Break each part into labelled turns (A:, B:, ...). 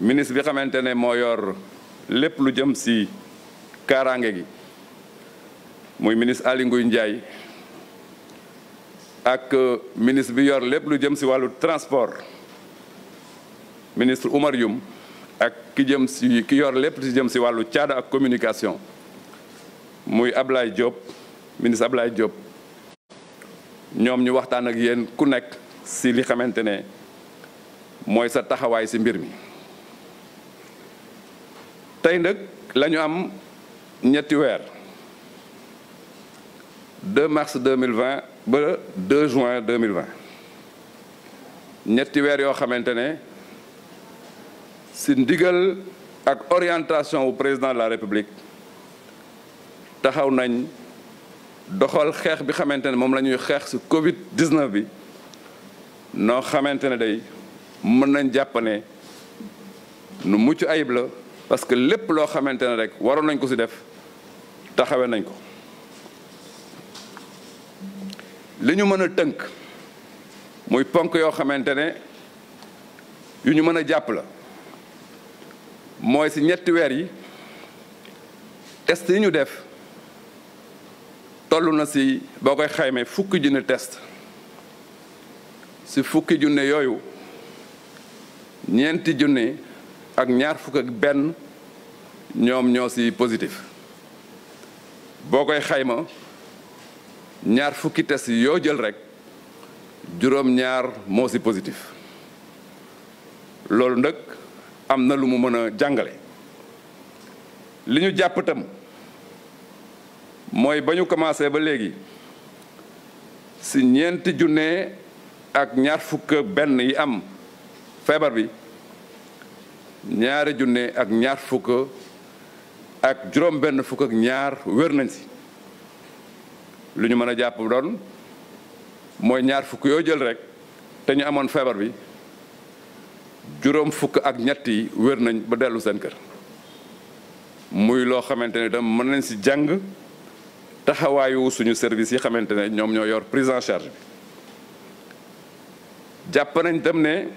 A: ministre bi xamante ne moo yor lépp lu jëm si kaaraange gi muy ministre Aly Ngouille Ndiaye ak euh, ministre bi yor lépp lu jëm si wàllu transport ministre Oumar Youm ak ki jëm si ki yor lépp si jëm si wàllu caada ak communication muy Ablaye Diop ministre Ablaye Diop ñoom ñu waxtaan ak yéen ku nekk si li xamante ne mooy sa taxawaay si mbir mi. tey nag la ñu am ñetti weer 2 mars 2020 ba 2 juin 2020 ñetti weer yoo xamante ne si ndigal ak orientation wu président de la république taxaw nañ doxal xeex bi xamante ne moom la ñuy xeex si Covid 19 bi noo xamante ne day mën nañ jàpp ne nu mucc ayib la. parce que lépp loo xamante ne rek waroon nañ ko ci def taxawe nañ ko li ñu mën a tënk muy ponk yoo xamante ne yu ñu mën a jàpp la mooy ci ñetti weer yi test yi ñu def toll na si boo koy xaymee fukki junne test ci fukki junne yooyu ñeenti junne ak ñaar fukk ak benn ñoom ñoo ci positif boo koy xayma ñaar fukki test yoo jël rek juróom-ñaar moo ci positif loolu nag am na lu mu mën a jàngale li ñu jàpp mooy ba ñu commencé ba léegi ci ñeenti junne ak ñaar fukk benn yi am feebar bi ñaari junne ak ñaar fukk ak juróom benn fukk ak ñaar wér nañ si lu ñu mën a jàpp doon mooy ñaar fukk yoo jël rek te ñu amoon feebar bi juróom fukk ak ñetti yi wér nañ ba dellu seen kër muy loo xamante ne itam mën nañ si jàng taxawaayu suñu service yi xamante ne ñoom ñoo yor prise en jàpp nañ tam ne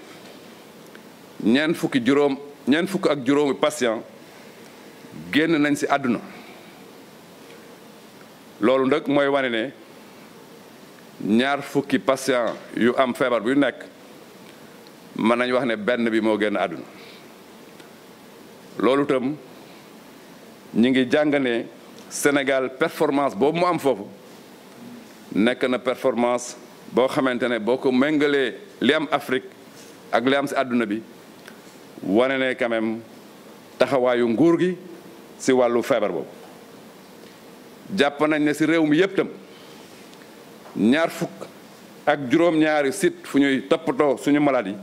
A: ñeent fukki juróom ñeent fukk ak juróomi patient génn nañ ci àdduna loolu nag mooy wane ne ñaar fukki patient yu am feebar bu nekk mën nañ wax ne benn bi moo génn àdduna loolu tam ñi ngi jàng ne Sénégal performance boobu mu am foofu nekk na performance boo xamante ne boo ko méngalee li am Afrique ak li am ci àdduna bi wane ne quand taxawaayu nguur gi si wàllu feebar boobu jàpp nañ ne si réew mi yëpp tam ñaar fukk ak juróom-ñaari site fu ñuy toppatoo suñu maladie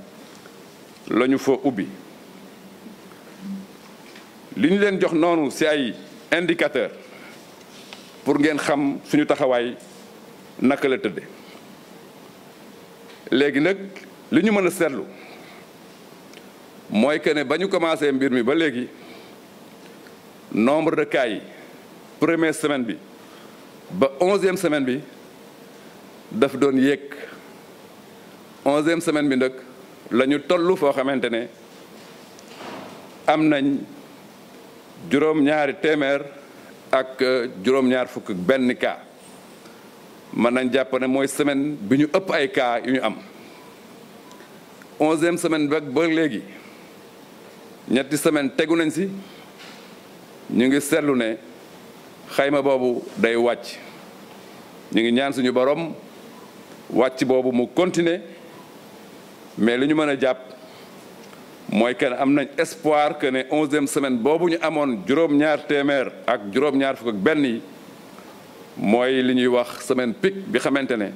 A: la ñu ubbi li ñu leen jox noonu si ay indicateur pour ngeen xam suñu taxawaay naka la tëdde léegi nag li ñu mën a seetlu mooy que ne ba ñu commencé mbir mi ba léegi nombre de cas yi première semaine bi ba onzième semaine bi daf doon yéeg onzième semaine bi nag la ñu toll foo xamante ne am nañ juróom-ñaari téeméer ak euh, juróom-ñaar fukk benn cas mën nañ jàpp ne mooy semaine bi ñu ëpp ay cas yu ñu am onzième semaine bi ba léegi ñetti semaine tegu nañ si ñu ngi seetlu ne xayma boobu day wàcc ñu ngi ñaan suñu borom wàcc boobu mu continuer mais li ñu mën a jàpp mooy que am nañ espoir que ne onzième semaine boobu ñu amoon juróom-ñaar téeméer ak juróom-ñaar fukk ak benn yi mooy li ñuy wax semaine pic bi xamante ne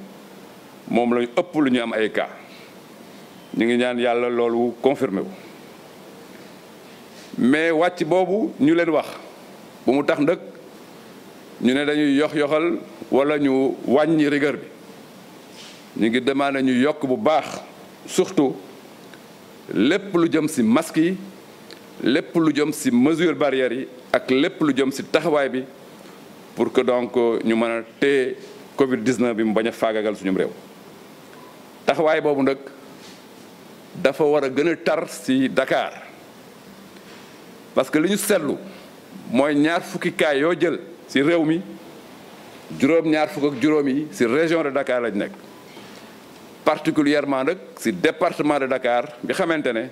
A: moom lañu ëpp lu ñu am ay cas ñu ngi ñaan yàlla loolu confirmé wu. mais wàcc boobu ñu leen wax bu mu tax ndëkk ñu ne dañuy yox yoxal wala ñu wàññi rigueur bi ñu ngi demandé ñu yokk bu baax surtout lépp lu jëm ci masque yi lépp lu jëm ci mesure barrière yi ak lépp lu jëm ci taxawaay bi pour que donc ñu mën a te Covid 19 bi mu bañ a faagagal suñu réew taxawaay boobu nag dafa war a gën a tar ci dakaar parce que li ñu seetlu mooy ñaar fukki yoo jël ci réew mi juróom ñaar fukk ak juróom yi ci région de Dakar lañ nekk particulièrement nag ci département de Dakar bi xamante ne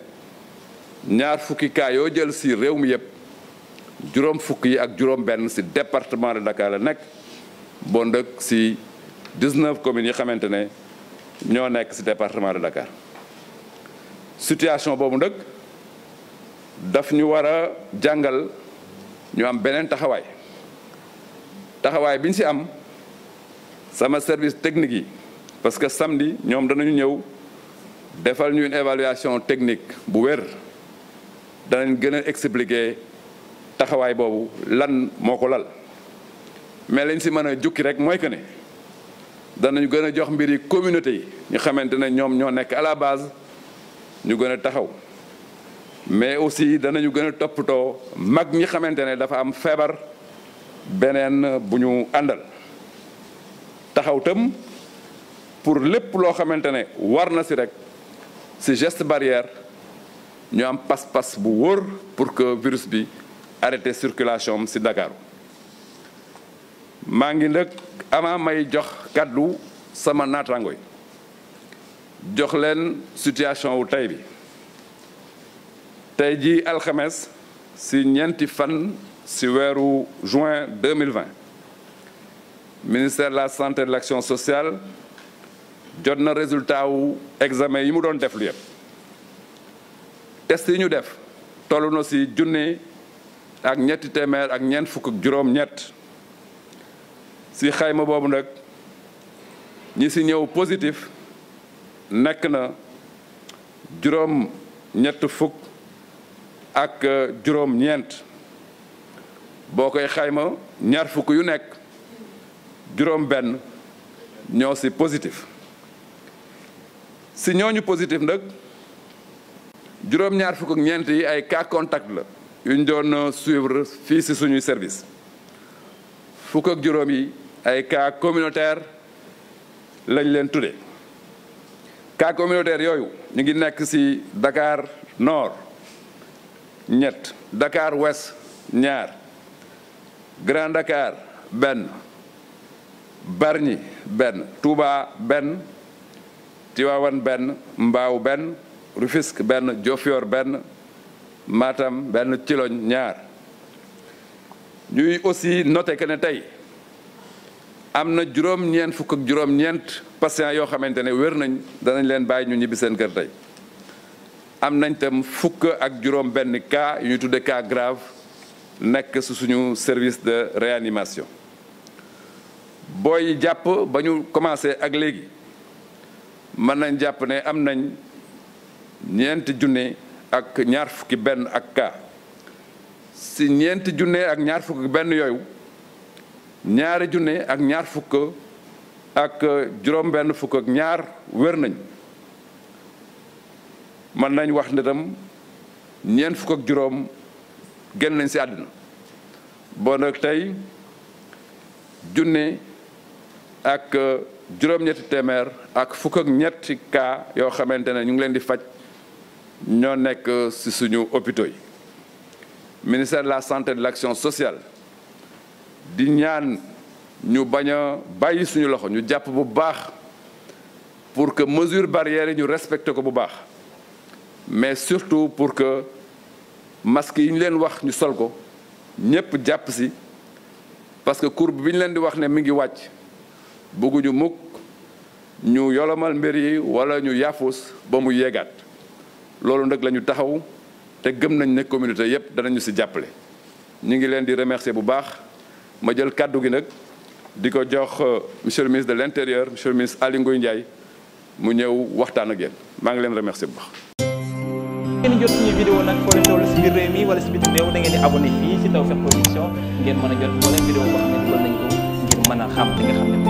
A: ñaar fukki yoo jël ci réew mi yëpp juróom fukk yi ak juróom benn ci département de Dakar la nekk bon ndëkk ci 19 communes yi xamante ne ñoo nekk ci département de Dakar situation boobu nag daf ñu war a jàngal ñu am beneen taxawaay taxawaay bi ñu si am sama service technique yi parce que samedi ñoom danañu ñëw defal ñu évaluation technique bu wér danañ gën a expliquer taxawaay boobu lan moo ko lal mais lañ si mën a jukki rek mooy que ne danañu gën a jox mbir communauté yi ñu xamante ne ñoom ñoo nekk à la base ñu gën a taxaw mais aussi danañu gën a toppatoo mag ñi xamante ne dafa am feebar beneen bu ñu àndal taxaw tam pour lépp loo xamante ne war na si rek si geste barrière ñu am pas-pas bu wóor pour que virus bi arrêté circulation am si Dakar maa ngi nag ama may jox kàddu sama naataango yi jox leen situation wu tey bi. tey jii alxames si ñeenti fan si weeru juin 2020 ministère de la santé de l'action sociale jot na résultat wu examen yi mu doon def lu yëpp test yi ñu def tollu na si junni ak ñetti téeméer ak ñeent fukk juróom-ñett si xayma boobu nag ñi si ñëw positif nekk na juróom ñett fukk ak euh, juróom-ñeent boo koy xayma ñaar fukk yu nekk juróom-benn ñoo ci positif ci ñooñu positif nag juróom-ñaar fukk ak ñeent yi ay cas contact la yu ñu doon euh, suivre fii si suñuy service fukk ak juróom yi ay cas communautaire lañ leen tudde cas communautaire yooyu ñu ngi nekk ci Dakar Nord ñett Dakar wes ñaar Grand Dakar benn Bargny benn Touba benn Tivaouane benn Mbao benn Rufisque benn Diofior benn Matam benn Thilogne ñaar ñuy aussi noté que ne tey am na juróom-ñeent fukk ak juróom-ñeent patients yoo xamante ne wér nañ danañ leen bàyyi ñu ñibbi seen kër tey am nañ tam fukk ak juróom benn cas yu ñu tudde cas grave nekk su suñu service de réanimation booy jàpp ba ñu commencé ak léegi mën nañ jàpp ne am nañ ñeenti junné ak ñaar fukki benn ak cas si ñeenti junné ak ñaar benn yooyu ñaari junne ak ñaar fukk ak juróom benn fukk ak ñaar wér nañ mën nañ wax ne tam fukk ak juróom génn nañ si àddina boo nag tey junne ak euh, juróom-ñetti téeméer ak fukk ak ñetti cas yoo xamante ne ñu ngi leen di faj ñoo nekk si euh, suñu hôpitaux yi ministère de la santé de l'action sociale di ñaan ñu bañ a bàyyi suñu loxo ñu jàpp bu baax pour que mesure barrière yi ñu respecté ko bu baax mais surtout pour que masque yi ñu leen wax ñu sol ko ñëpp jàpp si parce que courbe bi ñu leen di wax ne mi ngi wàcc bëgguñu mukk ñu yolomal mbir yi wala ñu yaafus ba mu yeegaat loolu nag la ñu taxaw te gëm nañ ne communauté yëpp danañu si jàppale ñu ngi leen di remercier bu baax ma jël kàddu gi nag di ko jox euh, monsieur le ministre de l'intérieur monsieur le ministre Aly Ngouille Ndiaye mu ñëw waxtaan ak yéen maa ngi leen remercier bu baax ngeen jot suñu vidéo nag foo si biir réew mi si bitim réew da ngeen di abonné si Tawfekh Production ngeen mën a jot moo leen vidéo boo xam a xam li xam ne